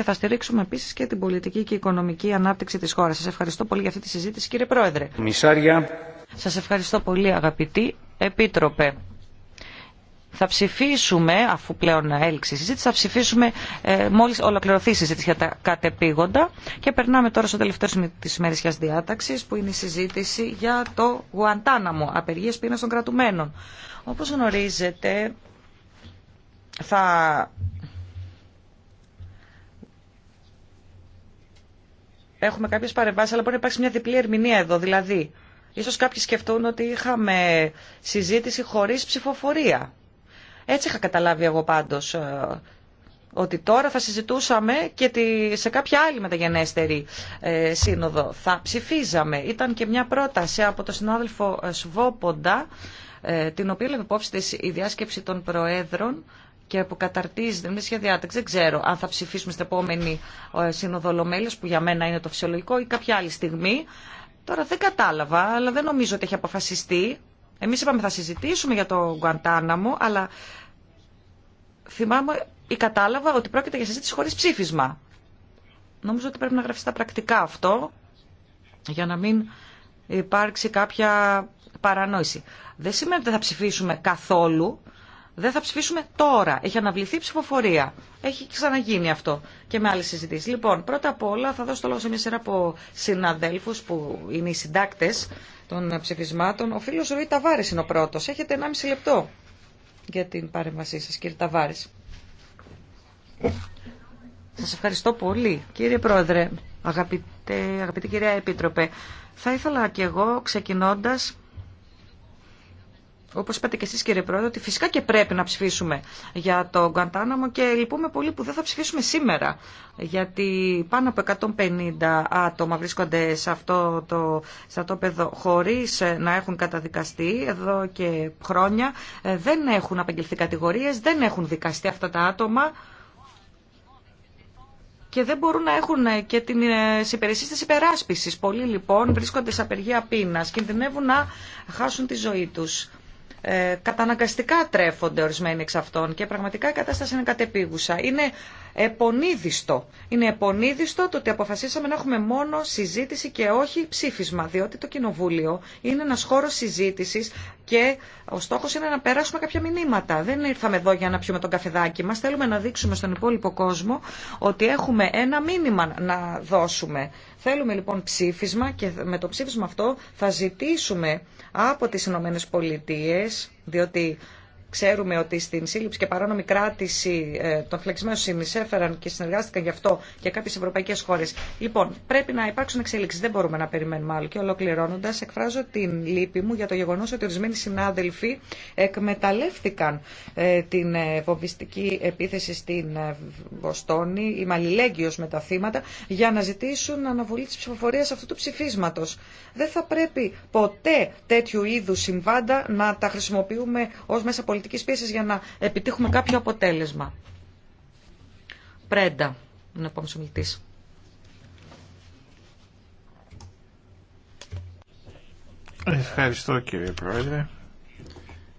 και θα στηρίξουμε επίση και την πολιτική και οικονομική ανάπτυξη τη χώρα. Σα ευχαριστώ πολύ για αυτή τη συζήτηση, κύριε Πρόεδρε. Μισάρια. Σα ευχαριστώ πολύ, αγαπητή Επίτροπε. Θα ψηφίσουμε, αφού πλέον έλξει η συζήτηση, θα ψηφίσουμε ε, μόλι ολοκληρωθεί η συζήτηση για τα κατεπήγοντα. Και περνάμε τώρα στο τελευταίο σημείο τη ημερησιά διάταξη, που είναι η συζήτηση για το Γουαντάναμο, απεργίε πείνα των κρατουμένων. Όπω γνωρίζετε, θα έχουμε κάποιες παρεμβάσει, αλλά μπορεί να υπάρξει μια διπλή ερμηνεία εδώ. Δηλαδή, ίσως κάποιοι σκεφτούν ότι είχαμε συζήτηση χωρίς ψηφοφορία. Έτσι είχα καταλάβει εγώ πάντως ε, ότι τώρα θα συζητούσαμε και τη, σε κάποια άλλη μεταγενέστερη ε, σύνοδο θα ψηφίζαμε. Ήταν και μια πρόταση από τον συνάδελφο Σβόποντα, ε, την οποία με υπόψη της η διάσκεψη των Προέδρων και που καταρτίζει την σχέδια Δεν ξέρω αν θα ψηφίσουμε στην επόμενη ε, σύνοδο που για μένα είναι το φυσιολογικό, ή κάποια άλλη στιγμή. Τώρα δεν κατάλαβα, αλλά δεν νομίζω ότι έχει αποφασιστεί. Εμεί είπαμε θα συζητήσουμε για το Γκουαντάναμο, αλλά θυμάμαι ή κατάλαβα ότι πρόκειται για συζήτηση χωρί ψήφισμα. Νομίζω ότι πρέπει να γραφεί στα πρακτικά αυτό, για να μην υπάρξει κάποια παρανόηση. Δεν σημαίνει ότι θα ψηφίσουμε καθόλου δεν θα ψηφίσουμε τώρα. Έχει αναβληθεί η ψηφοφορία. Έχει ξαναγίνει αυτό και με άλλε συζητήσει. Λοιπόν, πρώτα απ' όλα θα δώσω το λόγο σε μια σειρά από συναδέλφου που είναι οι συντάκτε των ψηφισμάτων. Ο φίλο Ροή Ταβάρη είναι ο πρώτο. Έχετε 1,5 λεπτό για την παρέμβασή σα, κύριε Ταβάρη. Σα ευχαριστώ πολύ, κύριε Πρόεδρε, αγαπητή κυρία Επίτροπε. Θα ήθελα κι εγώ, ξεκινώντα, όπως είπατε και εσείς κύριε Πρόεδρε, ότι φυσικά και πρέπει να ψηφίσουμε για το Γκαντάναμο και λυπούμε πολύ που δεν θα ψηφίσουμε σήμερα, γιατί πάνω από 150 άτομα βρίσκονται σε αυτό το στρατόπεδο χωρίς να έχουν καταδικαστεί εδώ και χρόνια, ε, δεν έχουν απαγγελθεί κατηγορίες, δεν έχουν δικαστεί αυτά τα άτομα και δεν μπορούν να έχουν και την ε, υπηρεσίε τη υπεράσπιση. Πολλοί λοιπόν βρίσκονται σε απεργία πείνα, κινδυνεύουν να χάσουν τη ζωή τους ε, καταναγκαστικά τρέφονται ορισμένοι εξ αυτών και πραγματικά η κατάσταση είναι κατεπίγουσα. Είναι επονίδιστο. Είναι επονίδιστο το ότι αποφασίσαμε να έχουμε μόνο συζήτηση και όχι ψήφισμα, διότι το Κοινοβούλιο είναι ένας χώρος συζήτησης και ο στόχος είναι να περάσουμε κάποια μηνύματα. Δεν ήρθαμε εδώ για να πιούμε τον καφεδάκι μας, θέλουμε να δείξουμε στον υπόλοιπο κόσμο ότι έχουμε ένα μήνυμα να δώσουμε. Θέλουμε λοιπόν ψήφισμα και με το ψήφισμα αυτό θα ζητήσουμε από τις Ηνωμένε Πολιτείες, διότι Ξέρουμε ότι στην σύλληψη και παράνομη κράτηση ε, των φλεξιμένων συνεισέφεραν και συνεργάστηκαν γι' αυτό και κάποιε ευρωπαϊκέ χώρε. Λοιπόν, πρέπει να υπάρξουν εξέλιξει. Δεν μπορούμε να περιμένουμε άλλο. Και ολοκληρώνοντα, εκφράζω την λύπη μου για το γεγονό ότι ορισμένοι συνάδελφοι εκμεταλλεύτηκαν ε, την ε, βομβιστική επίθεση στην Βοστόνη, η Μαλιλέγγυο με τα θύματα, για να ζητήσουν αναβολή τη ψηφοφορία αυτού του ψηφίσματο. Δεν θα πρέπει ποτέ τέτοιου είδου συμβάντα να τα χρησιμοποιούμε ω μέσα πολιτική πολιτική πίεση για να επιτύχουμε κάποιο αποτέλεσμα. Πρέντα, ο επόμενος ομιλητής. Ευχαριστώ κύριε Πρόεδρε.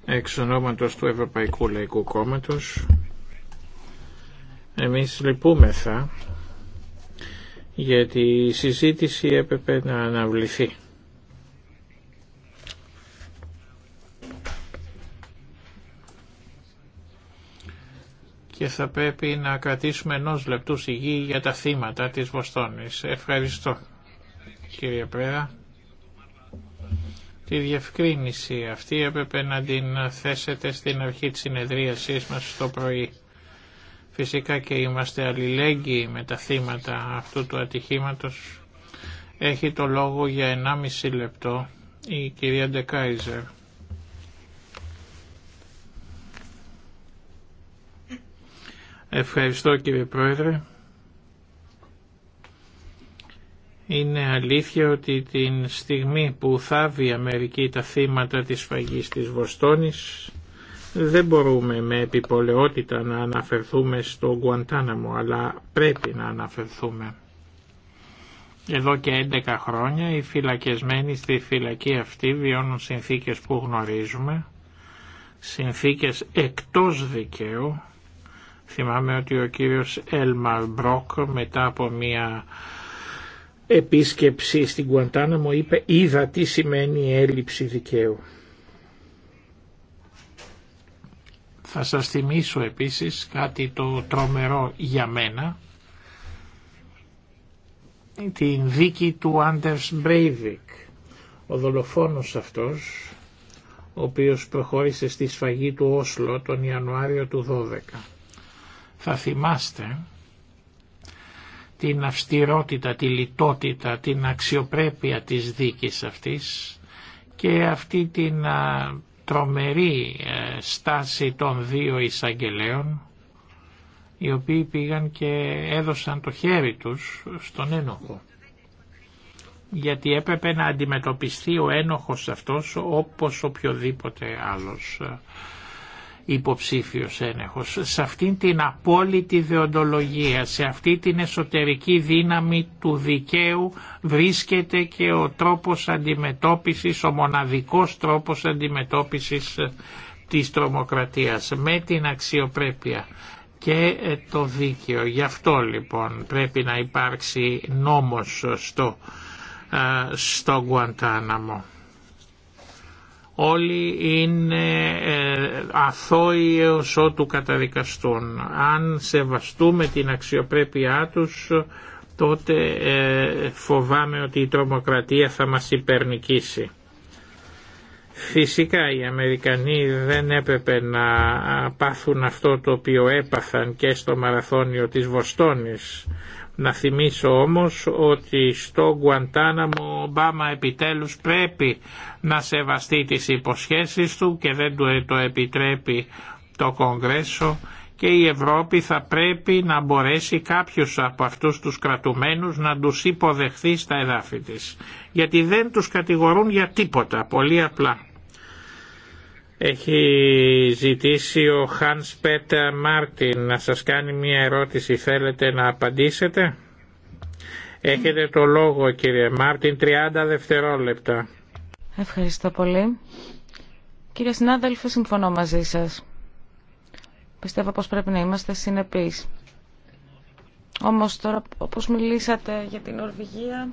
Εξ ονόματος του Ευρωπαϊκού Λαϊκού Κόμματος εμείς λυπούμεθα γιατί η συζήτηση έπρεπε να αναβληθεί. και θα πρέπει να κρατήσουμε ενό λεπτού σιγή για τα θύματα της Βοστόνης. Ευχαριστώ κύριε Πέρα. Τη διευκρίνηση αυτή έπρεπε να την θέσετε στην αρχή της συνεδρίασής μας το πρωί. Φυσικά και είμαστε αλληλέγγυοι με τα θύματα αυτού του ατυχήματος. Έχει το λόγο για 1,5 λεπτό η κυρία Ντεκάιζερ. Ευχαριστώ κύριε Πρόεδρε. Είναι αλήθεια ότι την στιγμή που θάβει η Αμερική τα θύματα της φαγής της Βοστόνης δεν μπορούμε με επιπολαιότητα να αναφερθούμε στο Γκουαντάναμο αλλά πρέπει να αναφερθούμε. Εδώ και 11 χρόνια οι φυλακισμένοι στη φυλακή αυτή βιώνουν συνθήκες που γνωρίζουμε, συνθήκες εκτός δικαίου Θυμάμαι ότι ο κύριος Έλμαρ Μπρόκ μετά από μια επίσκεψη στην Κουαντάνα μου είπε είδα τι σημαίνει έλλειψη δικαίου. Θα σας θυμίσω επίσης κάτι το τρομερό για μένα, την δίκη του Άντερς Μπρέιβικ, ο δολοφόνος αυτός, ο οποίος προχώρησε στη σφαγή του Όσλο τον Ιανουάριο του 12. Θα θυμάστε την αυστηρότητα, τη λιτότητα, την αξιοπρέπεια της δίκης αυτής και αυτή την τρομερή ε, στάση των δύο εισαγγελέων οι οποίοι πήγαν και έδωσαν το χέρι τους στον ένοχο. Γιατί έπρεπε να αντιμετωπιστεί ο ένοχος αυτός όπως οποιοδήποτε άλλος ε, υποψήφιος ένεχος. Σε αυτήν την απόλυτη δεοντολογία, σε αυτή την εσωτερική δύναμη του δικαίου βρίσκεται και ο τρόπος αντιμετώπισης, ο μοναδικός τρόπος αντιμετώπισης ε, της τρομοκρατίας με την αξιοπρέπεια και ε, το δίκαιο. Γι' αυτό λοιπόν πρέπει να υπάρξει νόμος στο, ε, στο Γκουαντάναμο όλοι είναι ε, αθώοι έως ότου καταδικαστούν. Αν σεβαστούμε την αξιοπρέπειά τους τότε ε, φοβάμαι ότι η τρομοκρατία θα μας υπερνικήσει. Φυσικά οι Αμερικανοί δεν έπρεπε να πάθουν αυτό το οποίο έπαθαν και στο μαραθώνιο της Βοστόνης να θυμίσω όμως ότι στο Γκουαντάναμο ο Ομπάμα επιτέλους πρέπει να σεβαστεί τις υποσχέσεις του και δεν του το επιτρέπει το Κογκρέσο και η Ευρώπη θα πρέπει να μπορέσει κάποιους από αυτούς τους κρατουμένους να τους υποδεχθεί στα εδάφη της. Γιατί δεν τους κατηγορούν για τίποτα, πολύ απλά. Έχει ζητήσει ο Χάνς Πέτερ Μάρτιν να σας κάνει μια ερώτηση. Θέλετε να απαντήσετε. Έχετε το λόγο κύριε Μάρτιν, 30 δευτερόλεπτα. Ευχαριστώ πολύ. Κύριε συνάδελφε, συμφωνώ μαζί σας. Πιστεύω πως πρέπει να είμαστε συνεπείς. Όμως τώρα όπως μιλήσατε για την Ορβηγία,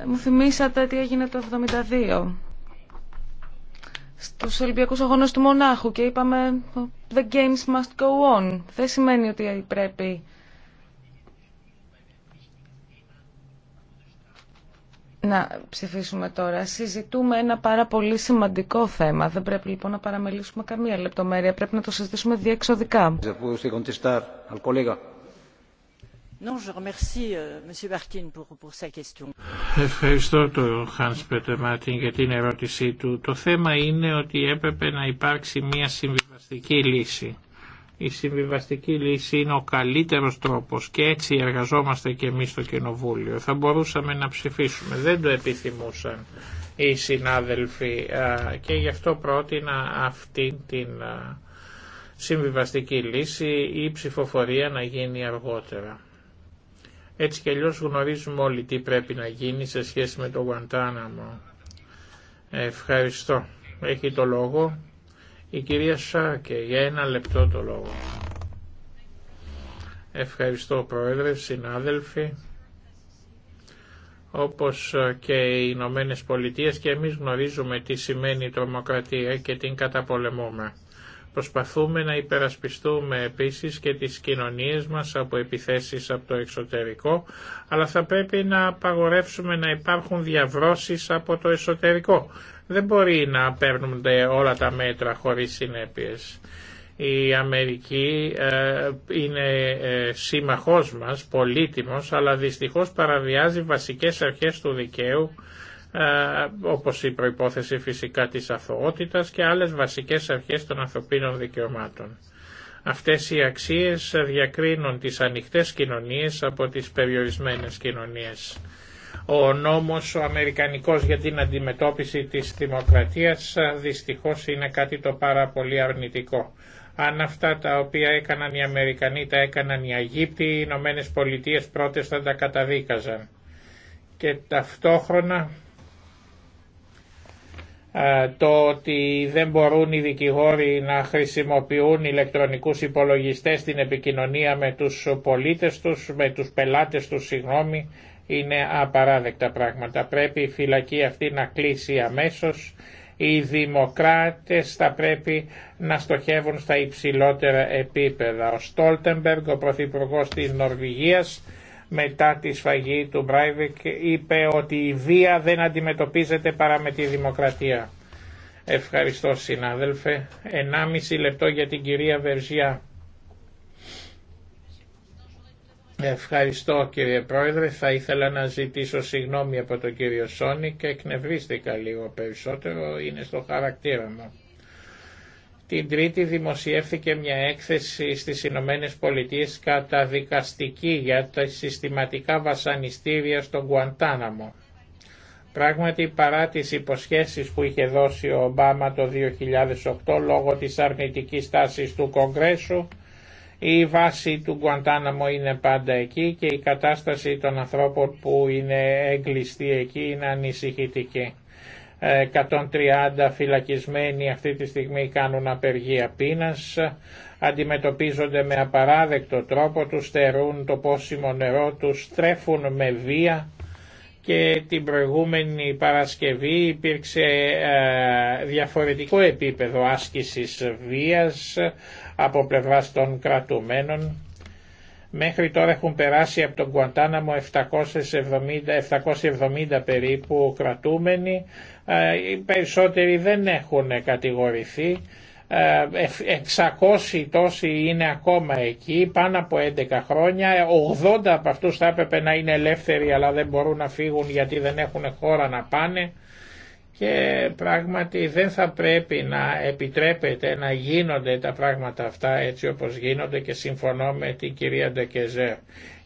ε, μου θυμήσατε τι έγινε το 1972 Στου Ολυμπιακού αγωνέ του Μονάχου και είπαμε «The games must go on». Δεν σημαίνει ότι πρέπει να ψηφίσουμε τώρα. Συζητούμε ένα πάρα πολύ σημαντικό θέμα. Δεν πρέπει λοιπόν να παραμελήσουμε καμία λεπτομέρεια. Πρέπει να το συζητήσουμε διεξοδικά. Euh, Ευχαριστώ τον Χάνς Πέτερ Μάρτιν για την ερώτησή του. Το θέμα είναι ότι έπρεπε να υπάρξει μια συμβιβαστική λύση. Η συμβιβαστική λύση είναι ο καλύτερος τρόπος και έτσι εργαζόμαστε και εμείς στο Κοινοβούλιο. Θα μπορούσαμε να ψηφίσουμε. Δεν το επιθυμούσαν οι συνάδελφοι και γι' αυτό πρότεινα αυτή την συμβιβαστική λύση ή ψηφοφορία να γίνει αργότερα. Έτσι κι αλλιώς γνωρίζουμε όλοι τι πρέπει να γίνει σε σχέση με το Γουαντάναμο. Ευχαριστώ. Έχει το λόγο η κυρία Σάκε. Για ένα λεπτό το λόγο. Ευχαριστώ Πρόεδρε, συνάδελφοι. Όπως και οι Ηνωμένε Πολιτείες και εμείς γνωρίζουμε τι σημαίνει η τρομοκρατία και την καταπολεμούμε. Προσπαθούμε να υπερασπιστούμε επίσης και τις κοινωνίες μας από επιθέσεις από το εξωτερικό, αλλά θα πρέπει να απαγορεύσουμε να υπάρχουν διαβρώσεις από το εσωτερικό. Δεν μπορεί να παίρνουν όλα τα μέτρα χωρίς συνέπειες. Η Αμερική ε, είναι ε, σύμμαχός μας, πολύτιμος, αλλά δυστυχώς παραβιάζει βασικές αρχές του δικαίου ε, όπως η προϋπόθεση φυσικά της αθωότητας και άλλες βασικές αρχές των ανθρωπίνων δικαιωμάτων. Αυτές οι αξίες διακρίνουν τις ανοιχτές κοινωνίες από τις περιορισμένες κοινωνίες. Ο νόμος ο Αμερικανικός για την αντιμετώπιση της δημοκρατίας δυστυχώς είναι κάτι το πάρα πολύ αρνητικό. Αν αυτά τα οποία έκαναν οι Αμερικανοί τα έκαναν οι Αγίπτοι, οι Ηνωμένε Πολιτείε πρώτες θα τα καταδίκαζαν. Και ταυτόχρονα ε, το ότι δεν μπορούν οι δικηγόροι να χρησιμοποιούν ηλεκτρονικούς υπολογιστές στην επικοινωνία με τους πολίτες τους, με τους πελάτες τους, συγγνώμη, είναι απαράδεκτα πράγματα. Πρέπει η φυλακή αυτή να κλείσει αμέσως. Οι δημοκράτες θα πρέπει να στοχεύουν στα υψηλότερα επίπεδα. Ο Στόλτεμπεργκ, ο πρωθυπουργός της Νορβηγίας, μετά τη σφαγή του Μπράιβικ είπε ότι η βία δεν αντιμετωπίζεται παρά με τη δημοκρατία. Ευχαριστώ συνάδελφε. ενάμιση λεπτό για την κυρία Βερζιά. Ευχαριστώ κύριε Πρόεδρε. Θα ήθελα να ζητήσω συγγνώμη από τον κύριο Σόνι και εκνευρίστηκα λίγο περισσότερο. Είναι στο χαρακτήρα μου. Την Τρίτη δημοσιεύθηκε μια έκθεση στις Ηνωμένε Πολιτείες καταδικαστική για τα συστηματικά βασανιστήρια στον Κουαντάναμο. Πράγματι παρά τις υποσχέσεις που είχε δώσει ο Ομπάμα το 2008 λόγω της αρνητικής τάσης του Κογκρέσου, η βάση του Γκουαντάναμο είναι πάντα εκεί και η κατάσταση των ανθρώπων που είναι εγκλειστοί εκεί είναι ανησυχητική. 130 φυλακισμένοι αυτή τη στιγμή κάνουν απεργία πείνας, αντιμετωπίζονται με απαράδεκτο τρόπο, τους στερούν το πόσιμο νερό, τους τρέφουν με βία και την προηγούμενη Παρασκευή υπήρξε ε, διαφορετικό επίπεδο άσκησης βίας από πλευράς των κρατουμένων Μέχρι τώρα έχουν περάσει από τον Κουαντάναμο 770, 770 περίπου κρατούμενοι. Ε, οι περισσότεροι δεν έχουν κατηγορηθεί. 600 ε, τόσοι είναι ακόμα εκεί, πάνω από 11 χρόνια. 80 ε, από αυτούς θα έπρεπε να είναι ελεύθεροι αλλά δεν μπορούν να φύγουν γιατί δεν έχουν χώρα να πάνε και πράγματι δεν θα πρέπει να επιτρέπεται να γίνονται τα πράγματα αυτά έτσι όπως γίνονται και συμφωνώ με την κυρία Ντεκεζέρ.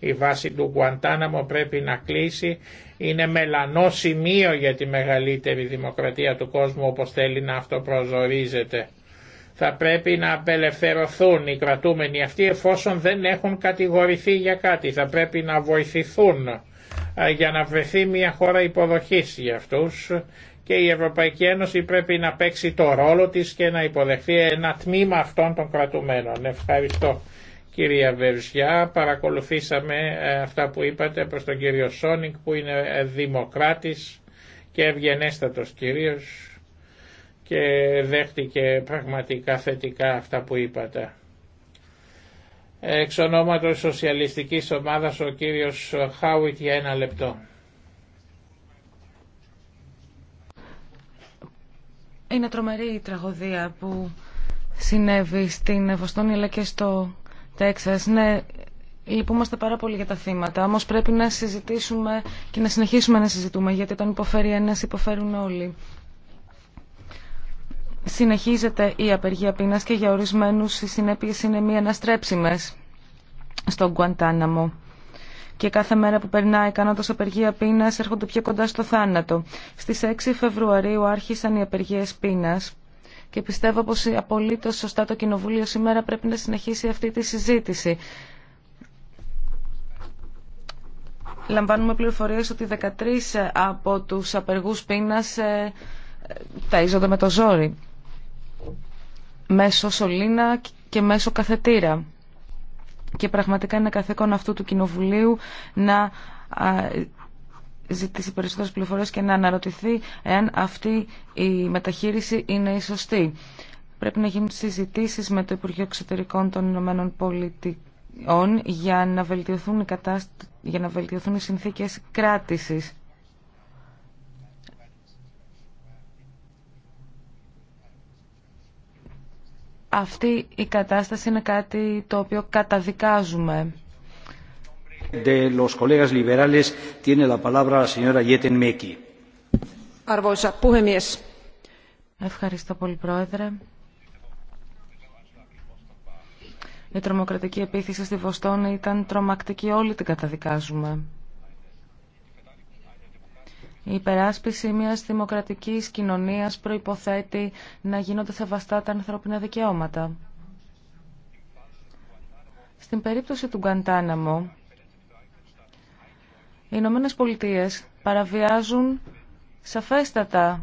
Η βάση του Γκουαντάναμο πρέπει να κλείσει, είναι μελανό σημείο για τη μεγαλύτερη δημοκρατία του κόσμου όπως θέλει να αυτοπροσδορίζεται. Θα πρέπει να απελευθερωθούν οι κρατούμενοι αυτοί εφόσον δεν έχουν κατηγορηθεί για κάτι. Θα πρέπει να βοηθηθούν για να βρεθεί μια χώρα υποδοχής για αυτούς και η Ευρωπαϊκή Ένωση πρέπει να παίξει το ρόλο της και να υποδεχθεί ένα τμήμα αυτών των κρατουμένων. Ευχαριστώ κυρία Βερζιά. Παρακολουθήσαμε ε, αυτά που είπατε προς τον κύριο Σόνικ που είναι ε, δημοκράτης και ευγενέστατος κυρίως και δέχτηκε πραγματικά θετικά αυτά που είπατε. Εξ ονόματος Σοσιαλιστικής Ομάδας ο κύριος Χάουιτ για ένα λεπτό. Είναι τρομερή η τραγωδία που συνέβη στην Βοστόνη αλλά και στο Τέξας. Ναι, λυπούμαστε πάρα πολύ για τα θύματα, όμως πρέπει να συζητήσουμε και να συνεχίσουμε να συζητούμε, γιατί όταν υποφέρει ένας υποφέρουν όλοι. Συνεχίζεται η απεργία πείνας και για ορισμένους οι συνέπειες είναι μη αναστρέψιμες στον Γκουαντάναμο και κάθε μέρα που περνάει κάνοντας απεργία πείνας έρχονται πιο κοντά στο θάνατο. Στις 6 Φεβρουαρίου άρχισαν οι απεργίες πείνας και πιστεύω πως απολύτως σωστά το Κοινοβούλιο σήμερα πρέπει να συνεχίσει αυτή τη συζήτηση. Λαμβάνουμε πληροφορίες ότι 13 από τους απεργούς πείνας ε, ταΐζονται με το ζόρι μέσω σωλήνα και μέσω καθετήρα και πραγματικά είναι καθήκον αυτού του Κοινοβουλίου να ζητήσει περισσότερες πληροφορίες και να αναρωτηθεί εάν αυτή η μεταχείριση είναι η σωστή. Πρέπει να γίνουν συζητήσεις με το Υπουργείο Εξωτερικών των Ηνωμένων Πολιτικών για να βελτιωθούν οι, κατάστα... για να βελτιωθούν οι συνθήκες κράτησης. αυτή η κατάσταση είναι κάτι το οποίο καταδικάζουμε. Arvoisa puhemies. Ευχαριστώ πολύ, Πρόεδρε. Η τρομοκρατική επίθεση στη Βοστόνη ήταν τρομακτική, όλοι την καταδικάζουμε. Η υπεράσπιση μιας δημοκρατικής κοινωνίας προϋποθέτει να γίνονται σεβαστά τα ανθρώπινα δικαιώματα. Στην περίπτωση του Γκαντάναμο, οι Ηνωμένε Πολιτείε παραβιάζουν σαφέστατα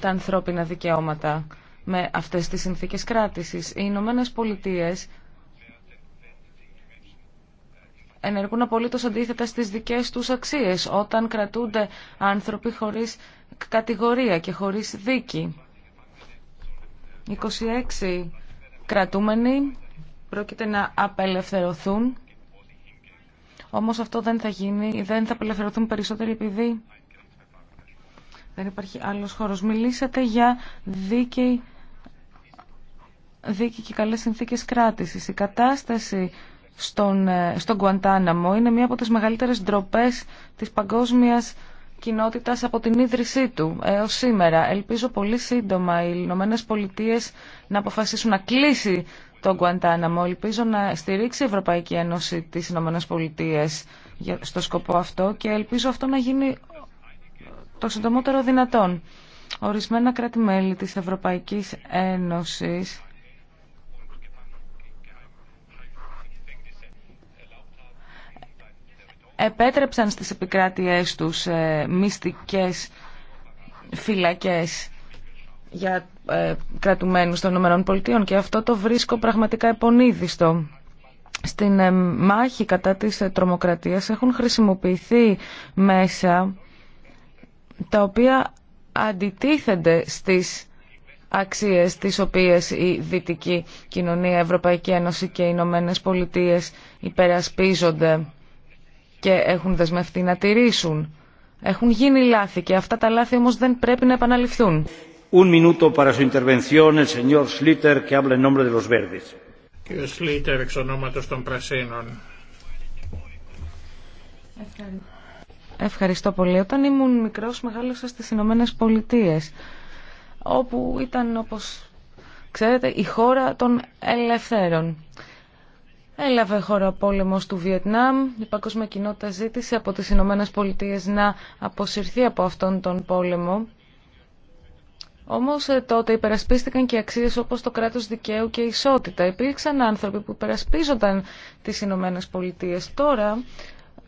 τα ανθρώπινα δικαιώματα με αυτές τις συνθήκες κράτησης. Οι Ηνωμένε πολιτείες ενεργούν απολύτως αντίθετα στις δικές τους αξίες όταν κρατούνται άνθρωποι χωρίς κατηγορία και χωρίς δίκη. 26 κρατούμενοι πρόκειται να απελευθερωθούν όμως αυτό δεν θα γίνει, δεν θα απελευθερωθούν περισσότεροι επειδή δεν υπάρχει άλλος χώρος. Μιλήσατε για δίκαιη δίκη και καλές συνθήκες κράτησης. Η κατάσταση στον, ε, στον Κουαντάναμο είναι μία από τις μεγαλύτερες ντροπέ της παγκόσμιας κοινότητας από την ίδρυσή του έως σήμερα. Ελπίζω πολύ σύντομα οι Ηνωμένε Πολιτείε να αποφασίσουν να κλείσει τον Κουαντάναμο. Ελπίζω να στηρίξει η Ευρωπαϊκή Ένωση τις Ηνωμένε Πολιτείε στο σκοπό αυτό και ελπίζω αυτό να γίνει το συντομότερο δυνατόν. Ορισμένα κράτη-μέλη της Ευρωπαϊκής Ένωσης επέτρεψαν στις επικράτειές τους ε, μυστικές φυλακές για ε, κρατουμένους των ΗΠΑ και αυτό το βρίσκω πραγματικά επονίδιστο. Στην ε, μάχη κατά της τρομοκρατίας έχουν χρησιμοποιηθεί μέσα τα οποία αντιτίθενται στις αξίες τις οποίες η δυτική κοινωνία, η Ευρωπαϊκή Ένωση και οι Ηνωμένε Πολιτείες υπερασπίζονται και έχουν δεσμευτεί να τηρήσουν. Έχουν γίνει λάθη και αυτά τα λάθη όμως δεν πρέπει να επαναληφθούν. Un minuto para su intervención el señor Schlitter que habla en nombre de los Verdes. Ευχαριστώ πολύ. Όταν ήμουν μικρός μεγάλωσα στις Ηνωμένε Πολιτείε, όπου ήταν όπως ξέρετε η χώρα των ελευθέρων. Έλαβε χώρα πόλεμος του Βιετνάμ. Η παγκόσμια κοινότητα ζήτησε από τις Ηνωμένε Πολιτείες να αποσυρθεί από αυτόν τον πόλεμο. Όμως ε, τότε υπερασπίστηκαν και αξίες όπως το κράτος δικαίου και ισότητα. Υπήρξαν άνθρωποι που υπερασπίζονταν τις Ηνωμένε Πολιτείες. Τώρα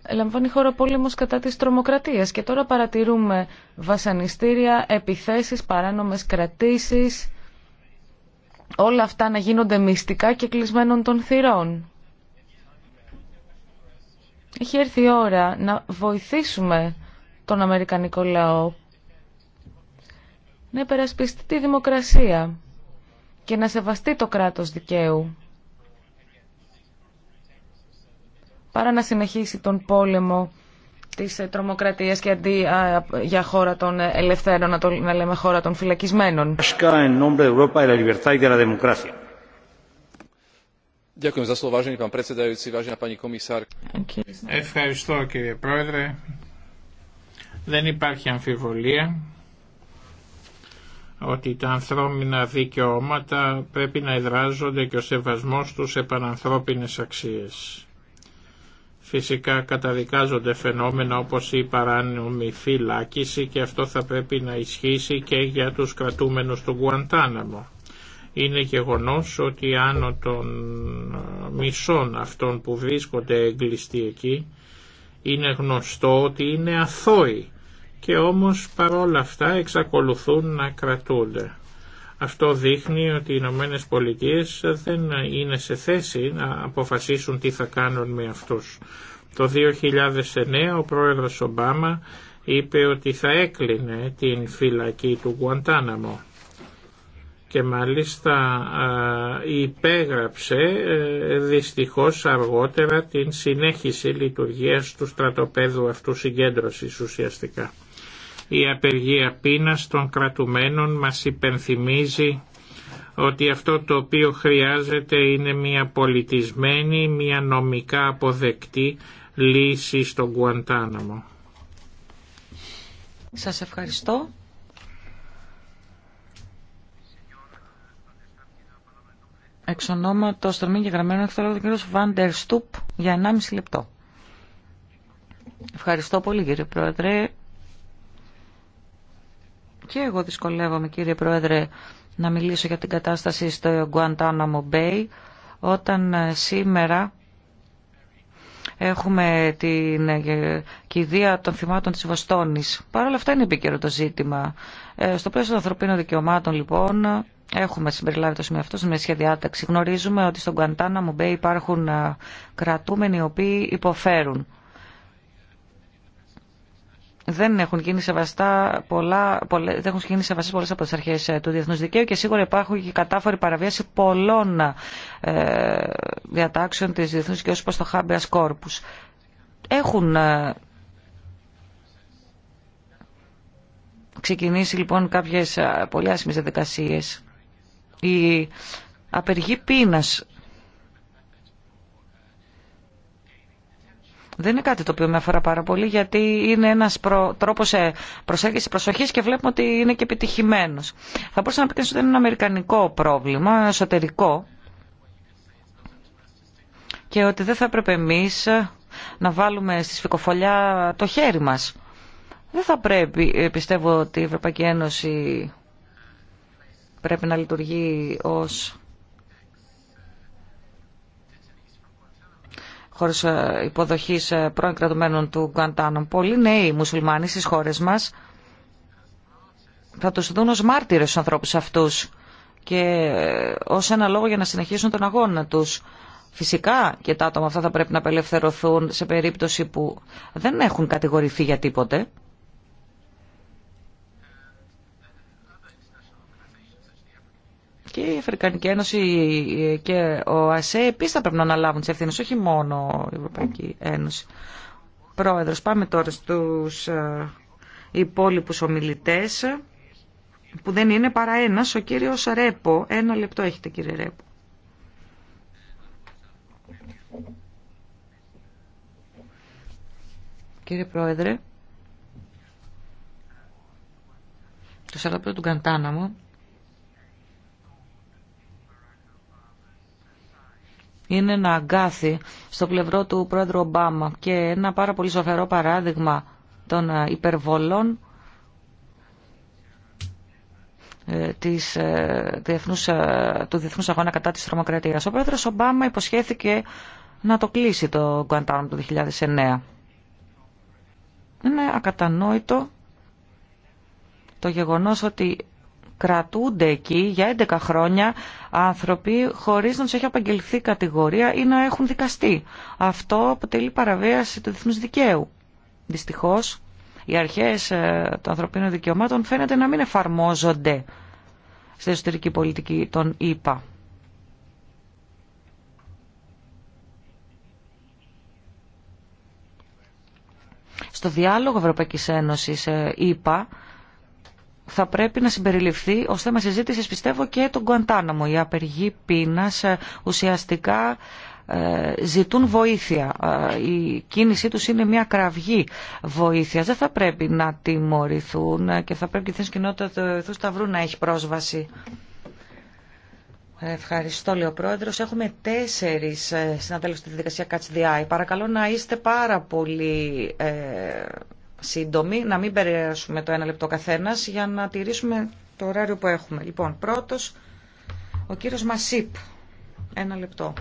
ε, λαμβάνει χώρα πόλεμος κατά της τρομοκρατίας και τώρα παρατηρούμε βασανιστήρια, επιθέσεις, παράνομες κρατήσεις, όλα αυτά να γίνονται μυστικά και κλεισμένων των θυρών. Έχει έρθει η ώρα να βοηθήσουμε τον Αμερικανικό λαό να υπερασπιστεί τη δημοκρασία και να σεβαστεί το κράτος δικαίου παρά να συνεχίσει τον πόλεμο της ε, τρομοκρατίας και αντί για χώρα των ε, ελευθέρων να, το, να λέμε χώρα των φυλακισμένων. Ευχαριστώ κύριε Πρόεδρε. Δεν υπάρχει αμφιβολία ότι τα ανθρώπινα δικαιώματα πρέπει να εδράζονται και ο σεβασμός τους σε πανανθρώπινες αξίες. Φυσικά καταδικάζονται φαινόμενα όπως η παράνομη φυλάκιση και αυτό θα πρέπει να ισχύσει και για τους κρατούμενους του Γκουαντάναμο είναι γεγονός ότι άνω των ε, μισών αυτών που βρίσκονται εγκλειστοί εκεί είναι γνωστό ότι είναι αθώοι και όμως παρόλα αυτά εξακολουθούν να κρατούνται. Αυτό δείχνει ότι οι Ηνωμένε Πολιτείε δεν είναι σε θέση να αποφασίσουν τι θα κάνουν με αυτούς. Το 2009 ο πρόεδρος Ομπάμα είπε ότι θα έκλεινε την φυλακή του Γκουαντάναμο και μάλιστα υπέγραψε ε, δυστυχώς αργότερα την συνέχιση λειτουργίας του στρατοπέδου αυτού συγκέντρωσης ουσιαστικά. Η απεργία πείνας των κρατουμένων μας υπενθυμίζει ότι αυτό το οποίο χρειάζεται είναι μια πολιτισμένη, μια νομικά αποδεκτή λύση στον Κουαντάναμο. Σας ευχαριστώ. εξ των μη γραμμένο του κ. Βάντερ Στουπ, για 1,5 λεπτό. Ευχαριστώ πολύ κύριε Πρόεδρε. Και εγώ δυσκολεύομαι κύριε Πρόεδρε να μιλήσω για την κατάσταση στο Guantanamo Bay όταν ε, σήμερα έχουμε την ε, κηδεία των θυμάτων της Βοστόνης. Παρ' όλα αυτά είναι επίκαιρο το ζήτημα. Ε, στο πλαίσιο των ανθρωπίνων δικαιωμάτων λοιπόν Έχουμε συμπεριλάβει το σημείο αυτό στην μια διάταξη. Γνωρίζουμε ότι στον Καντάνα, Μουμπέ υπάρχουν κρατούμενοι οι οποίοι υποφέρουν. Δεν έχουν γίνει σεβαστά πολλά, πολλές, δεν έχουν γίνει πολλές από τις αρχές ε, του διεθνούς δικαίου και σίγουρα υπάρχουν και κατάφορη παραβίαση πολλών ε, διατάξεων της διεθνούς δικαίου όπως το habeas corpus. Έχουν ε, ξεκινήσει λοιπόν κάποιες πολύ άσχημες διαδικασίες η απεργή πείνας δεν είναι κάτι το οποίο με αφορά πάρα πολύ γιατί είναι ένας προ... τρόπος ε, προσέγγισης προσοχής και βλέπουμε ότι είναι και επιτυχημένος. Θα μπορούσα να πει ότι είναι ένα αμερικανικό πρόβλημα, εσωτερικό και ότι δεν θα έπρεπε εμείς να βάλουμε στη σφικοφολιά το χέρι μας. Δεν θα πρέπει, ε, πιστεύω, ότι η Ευρωπαϊκή Ένωση πρέπει να λειτουργεί ως χώρο ε, υποδοχής ε, πρώην κρατουμένων του Γκαντάνων. Πολλοί νέοι μουσουλμάνοι στις χώρες μας θα τους δουν ως μάρτυρες του ανθρώπου αυτού και ε, ως ένα λόγο για να συνεχίσουν τον αγώνα τους. Φυσικά και τα άτομα αυτά θα πρέπει να απελευθερωθούν σε περίπτωση που δεν έχουν κατηγορηθεί για τίποτε. Και η Αφρικανική Ένωση και ο ΑΣΕ επίση θα πρέπει να αναλάβουν τι ευθύνε, όχι μόνο η Ευρωπαϊκή Ένωση. Πρόεδρο, πάμε τώρα στου ε, υπόλοιπου ομιλητέ, που δεν είναι παρά ένα, ο κύριο Ρέπο. Ένα λεπτό έχετε, κύριε Ρέπο. Κύριε Πρόεδρε, το σαλαπτό του Καντάνα μου είναι να αγκάθι στο πλευρό του πρόεδρου Ομπάμα και ένα πάρα πολύ σοφερό παράδειγμα των ε, υπερβολών ε, της, ε, διεθνούς, του Διεθνούς Αγώνα κατά της Τρομοκρατίας. Ο πρόεδρος Ομπάμα υποσχέθηκε να το κλείσει το Γκουαντάνο το 2009. Είναι ακατανόητο το γεγονός ότι κρατούνται εκεί για 11 χρόνια άνθρωποι χωρίς να τους έχει απαγγελθεί κατηγορία ή να έχουν δικαστεί. Αυτό αποτελεί παραβίαση του διεθνούς δικαίου. Δυστυχώς, οι αρχές ε, των ανθρωπίνων δικαιωμάτων φαίνεται να μην εφαρμόζονται στην εσωτερική πολιτική των ΗΠΑ. Στο διάλογο Ευρωπαϊκής Ένωσης ε, ΗΠΑ θα πρέπει να συμπεριληφθεί ως θέμα συζήτηση, πιστεύω, και τον Κουαντάναμο. Οι απεργοί πείνα ε, ουσιαστικά ε, ζητούν βοήθεια. Ε, η κίνησή τους είναι μια κραυγή βοήθεια. Δεν θα πρέπει να τιμωρηθούν και θα πρέπει και η θέση κοινότητα του Σταυρού να έχει πρόσβαση. Ευχαριστώ, λέει ο Έχουμε τέσσερις συναδέλφους στη διαδικασία Catch Παρακαλώ να είστε πάρα πολύ σύντομη, να μην περιέσουμε το ένα λεπτό καθένα για να τηρήσουμε το ωράριο που έχουμε. Λοιπόν, πρώτος, ο κύριο Μασίπ. Ένα λεπτό.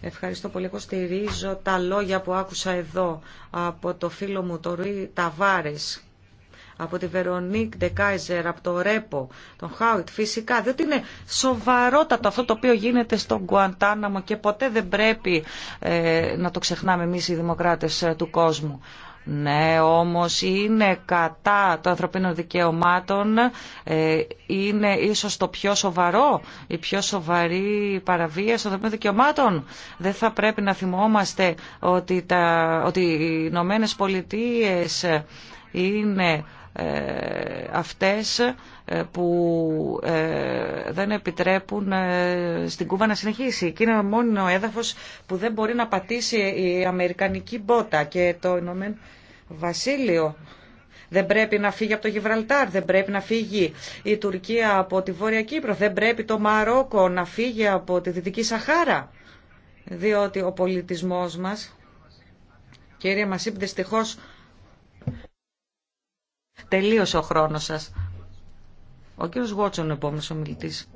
Ευχαριστώ πολύ. Εγώ στηρίζω τα λόγια που άκουσα εδώ από το φίλο μου, το Ρουί Ταβάρης από τη Βερονίκ Ντεκάιζερ, από το Ρέπο, τον Χάουιτ, φυσικά, διότι είναι σοβαρότατο αυτό το οποίο γίνεται στον Κουαντάναμο και ποτέ δεν πρέπει ε, να το ξεχνάμε εμείς οι δημοκράτες ε, του κόσμου. Ναι, όμως είναι κατά των ανθρωπίνων δικαιωμάτων, ε, είναι ίσως το πιο σοβαρό, η πιο σοβαρή παραβίαση των ανθρωπίνων δικαιωμάτων. Δεν θα πρέπει να θυμόμαστε ότι, ότι οι Ηνωμένε Πολιτείε είναι ε, αυτές ε, που ε, δεν επιτρέπουν στην Κούβα να συνεχίσει. Κι είναι μόνο έδαφος που δεν μπορεί να πατήσει η Αμερικανική μπότα και το Ηνωμένο Βασίλειο. Δεν πρέπει να φύγει από το Γιβραλτάρ, δεν πρέπει να φύγει η Τουρκία από τη Βόρεια Κύπρο, δεν πρέπει το Μαρόκο να φύγει από τη Δυτική Σαχάρα. Διότι ο πολιτισμός μας, κύριε Μασίπ, δυστυχώς Τελείωσε ο χρόνος σας. Ο κύριος Γότσον, ο επόμενος ομιλητής.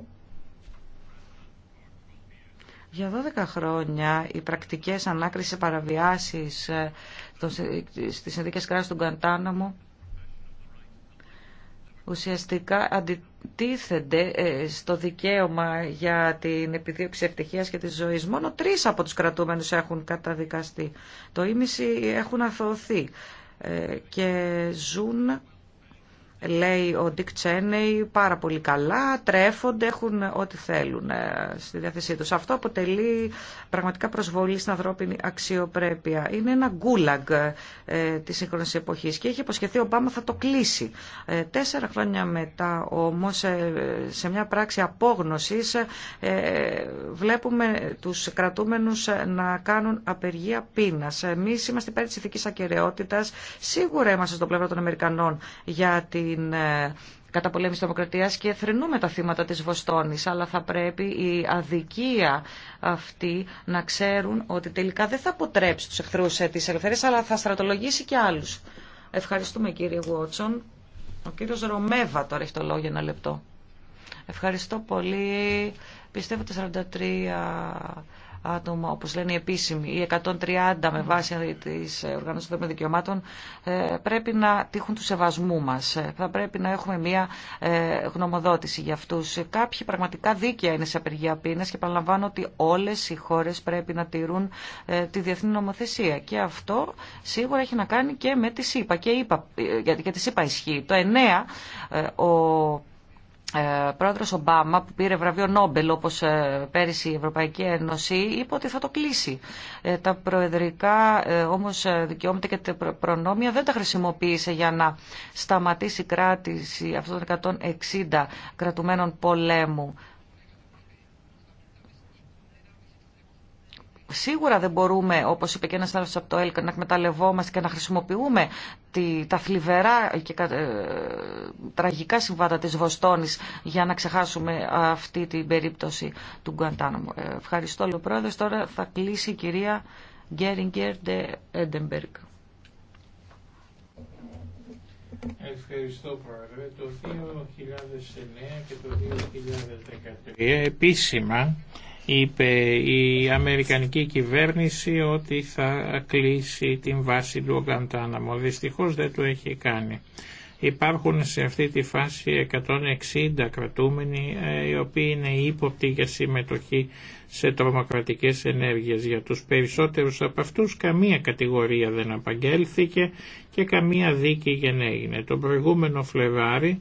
Για 12 χρόνια οι πρακτικές ανάκρισης παραβιάσεις ε, στις συνδίκες κράτης του Καντάναμου ουσιαστικά αντιτίθενται ε, στο δικαίωμα για την επιδίωξη ευτυχίας και της ζωής. Μόνο τρεις από τους κρατούμενους έχουν καταδικαστεί. Το ίμιση έχουν αθωωθεί ε, και ζουν λέει ο Ντικ Τσένεϊ, πάρα πολύ καλά, τρέφονται, έχουν ό,τι θέλουν ε, στη διάθεσή τους. Αυτό αποτελεί πραγματικά προσβολή στην ανθρώπινη αξιοπρέπεια. Είναι ένα γκούλαγκ ε, της σύγχρονης εποχής και έχει υποσχεθεί ο Ομπάμα θα το κλείσει. Ε, τέσσερα χρόνια μετά όμως ε, σε μια πράξη απόγνωσης ε, βλέπουμε τους κρατούμενους να κάνουν απεργία πείνας. Εμείς είμαστε υπέρ της ηθικής ακαιρεότητας. Σίγουρα είμαστε στο πλευρά των Αμερικανών για την ε, καταπολέμηση της δημοκρατίας και θρυνούμε τα θύματα της Βοστόνης, αλλά θα πρέπει η αδικία αυτή να ξέρουν ότι τελικά δεν θα αποτρέψει τους εχθρούς ε, της ελευθερίας, αλλά θα στρατολογήσει και άλλους. Ευχαριστούμε κύριε Γουότσον. Ο κύριος Ρωμέβα τώρα έχει το λόγο για ένα λεπτό. Ευχαριστώ πολύ. Πιστεύω 43 άτομα, όπως λένε οι επίσημοι, ή 130 με βάση της Οργάνωσης των Δικαιωμάτων, ε, πρέπει να τύχουν του σεβασμού μας. Ε, θα πρέπει να έχουμε μία ε, γνωμοδότηση για αυτούς. Κάποιοι πραγματικά δίκαια είναι σε απεργία πείνας και παραλαμβάνω ότι όλες οι χώρες πρέπει να τηρούν τη διεθνή νομοθεσία. Και αυτό σίγουρα έχει να κάνει και με τη ΣΥΠΑ. Και είπα, τη ΣΥΠΑ ισχύει. Το 9, ο ε, πρόεδρος Ομπάμα που πήρε βραβείο Νόμπελ όπως ε, πέρυσι η Ευρωπαϊκή Ένωση είπε ότι θα το κλείσει. Ε, τα προεδρικά όμως δικαιώματα και τα προνόμια δεν τα χρησιμοποίησε για να σταματήσει κράτηση αυτών των 160 κρατουμένων πολέμου. Σίγουρα δεν μπορούμε, όπως είπε και ένας άλλος από το ΕΛΚ, να εκμεταλλευόμαστε και να χρησιμοποιούμε τη, τα θλιβερά και ε, τραγικά συμβάντα της Βοστόνης για να ξεχάσουμε αυτή την περίπτωση του Γκουαντάναμου. Ε, ευχαριστώ, πρόεδρος. Τώρα θα κλείσει η κυρία Γκέριγκερ Ντε Έντεμπεργκ. Ευχαριστώ Πρόεδρε. Το 2009 και το 2013 επίσημα είπε η Αμερικανική κυβέρνηση ότι θα κλείσει την βάση του Ογκαντάναμο. Δυστυχώς δεν το έχει κάνει. Υπάρχουν σε αυτή τη φάση 160 κρατούμενοι ε, οι οποίοι είναι ύποπτοι για συμμετοχή σε τρομοκρατικές ενέργειες. Για τους περισσότερους από αυτούς καμία κατηγορία δεν απαγγέλθηκε και καμία δίκη δεν έγινε. Το προηγούμενο Φλεβάρι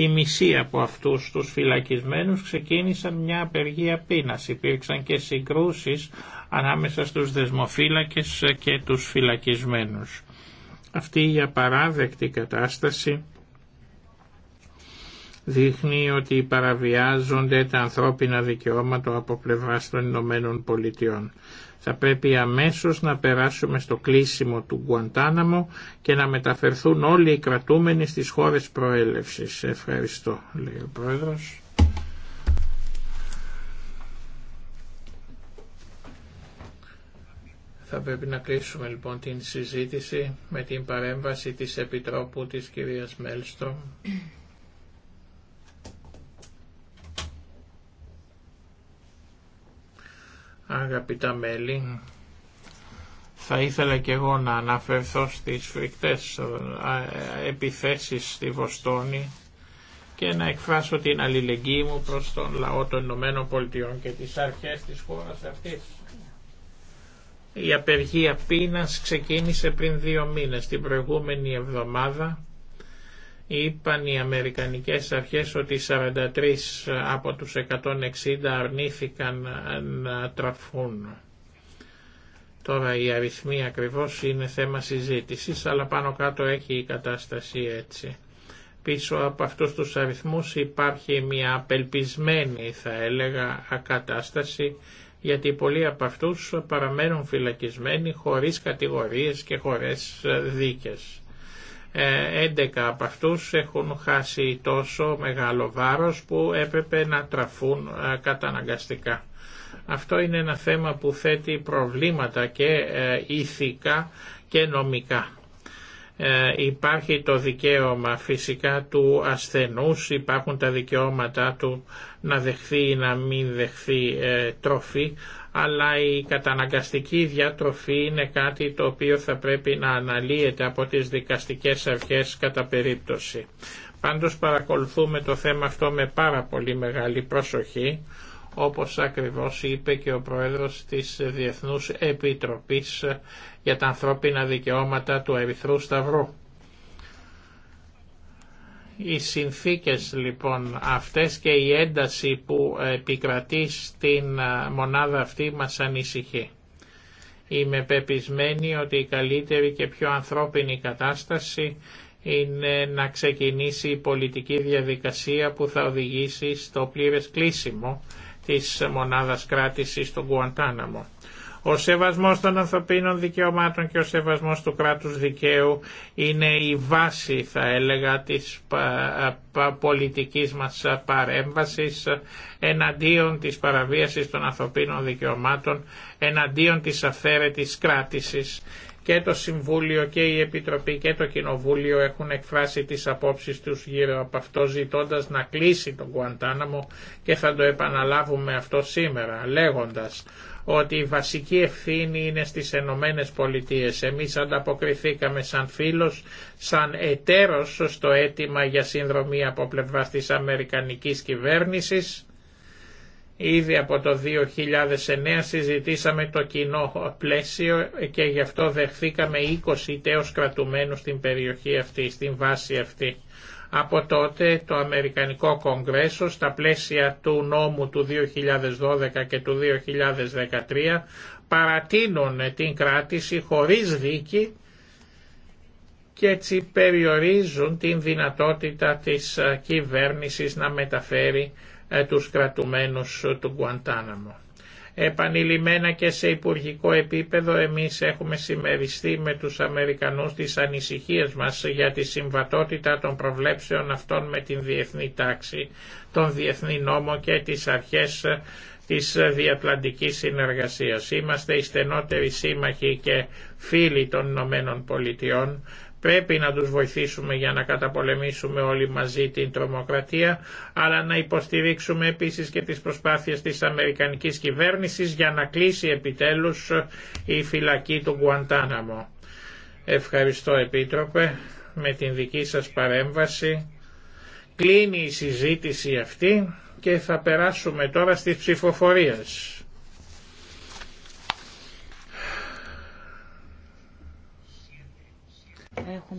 η μισοί από αυτούς τους φυλακισμένους ξεκίνησαν μια απεργία πείνας. Υπήρξαν και συγκρούσεις ανάμεσα στους δεσμοφύλακες και τους φυλακισμένους. Αυτή η απαράδεκτη κατάσταση δείχνει ότι παραβιάζονται τα ανθρώπινα δικαιώματα από πλευράς των Ηνωμένων Πολιτειών. Θα πρέπει αμέσως να περάσουμε στο κλείσιμο του Γκουαντάναμο και να μεταφερθούν όλοι οι κρατούμενοι στις χώρες προέλευσης. Ευχαριστώ, λέει ο Πρόεδρος. Θα πρέπει να κλείσουμε λοιπόν την συζήτηση με την παρέμβαση της Επιτρόπου της κυρίας Μέλστρομ. Αγαπητά μέλη, θα ήθελα και εγώ να αναφερθώ στις φρικτές ε, επιθέσεις στη Βοστόνη και να εκφράσω την αλληλεγγύη μου προς τον λαό των Ηνωμένων Πολιτειών και τις αρχές της χώρας αυτής. Η απεργία πείνας ξεκίνησε πριν δύο μήνες, την προηγούμενη εβδομάδα, είπαν οι Αμερικανικές αρχές ότι 43 από τους 160 αρνήθηκαν να τραφούν. Τώρα οι αριθμοί ακριβώς είναι θέμα συζήτησης, αλλά πάνω κάτω έχει η κατάσταση έτσι. Πίσω από αυτούς τους αριθμούς υπάρχει μια απελπισμένη θα έλεγα ακατάσταση, γιατί πολλοί από αυτούς παραμένουν φυλακισμένοι χωρίς κατηγορίες και χωρίς δίκες. 11 ε, από αυτούς έχουν χάσει τόσο μεγάλο βάρος που έπρεπε να τραφούν ε, καταναγκαστικά. Αυτό είναι ένα θέμα που θέτει προβλήματα και ε, ηθικά και νομικά. Υπάρχει το δικαίωμα φυσικά του ασθενούς, υπάρχουν τα δικαιώματα του να δεχθεί ή να μην δεχθεί τροφή, αλλά η καταναγκαστική διατροφή είναι κάτι το οποίο θα πρέπει να αναλύεται από τις δικαστικές αρχές κατά περίπτωση. Πάντως παρακολουθούμε το θέμα αυτό με πάρα πολύ μεγάλη προσοχή, όπως ακριβώς είπε και ο Πρόεδρος της Διεθνούς Επιτροπής για τα Ανθρώπινα Δικαιώματα του Ερυθρού Σταυρού. Οι συνθήκες λοιπόν αυτές και η ένταση που επικρατεί στην ε, μονάδα αυτή μας ανησυχεί. Είμαι πεπισμένη ότι η καλύτερη και πιο ανθρώπινη κατάσταση είναι να ξεκινήσει η πολιτική διαδικασία που θα οδηγήσει στο πλήρες κλείσιμο της μονάδας κράτησης στον Κουαντάναμο. Ο σεβασμός των ανθρωπίνων δικαιωμάτων και ο σεβασμός του κράτους δικαίου είναι η βάση θα έλεγα της πολιτικής μας παρέμβασης εναντίον της παραβίασης των ανθρωπίνων δικαιωμάτων, εναντίον της αφαίρετης κράτησης και το Συμβούλιο και η Επιτροπή και το Κοινοβούλιο έχουν εκφράσει τις απόψεις τους γύρω από αυτό ζητώντας να κλείσει τον Κουαντάναμο και θα το επαναλάβουμε αυτό σήμερα λέγοντας ότι η βασική ευθύνη είναι στις Ενωμένε Πολιτείες. Εμείς ανταποκριθήκαμε σαν φίλος, σαν εταίρος στο αίτημα για σύνδρομη από πλευρά της Αμερικανικής κυβέρνησης Ήδη από το 2009 συζητήσαμε το κοινό πλαίσιο και γι' αυτό δεχθήκαμε 20 τέος κρατουμένους στην περιοχή αυτή, στην βάση αυτή. Από τότε το Αμερικανικό Κογκρέσο στα πλαίσια του νόμου του 2012 και του 2013 παρατείνουν την κράτηση χωρίς δίκη και έτσι περιορίζουν την δυνατότητα της ε, κυβέρνησης να μεταφέρει ε, τους κρατουμένους του Γκουαντάναμο. Επανειλημμένα και σε υπουργικό επίπεδο εμείς έχουμε συμμεριστεί με τους Αμερικανούς τις ανησυχίες μας για τη συμβατότητα των προβλέψεων αυτών με την διεθνή τάξη, τον διεθνή νόμο και τις αρχές της διατλαντικής συνεργασίας. Είμαστε οι στενότεροι σύμμαχοι και φίλοι των Ηνωμένων Πολιτειών Πρέπει να τους βοηθήσουμε για να καταπολεμήσουμε όλοι μαζί την τρομοκρατία, αλλά να υποστηρίξουμε επίσης και τις προσπάθειες της Αμερικανικής κυβέρνησης για να κλείσει επιτέλους η φυλακή του Γκουαντάναμο. Ευχαριστώ Επίτροπε με την δική σας παρέμβαση. Κλείνει η συζήτηση αυτή και θα περάσουμε τώρα στις ψηφοφορίες. Έχουμε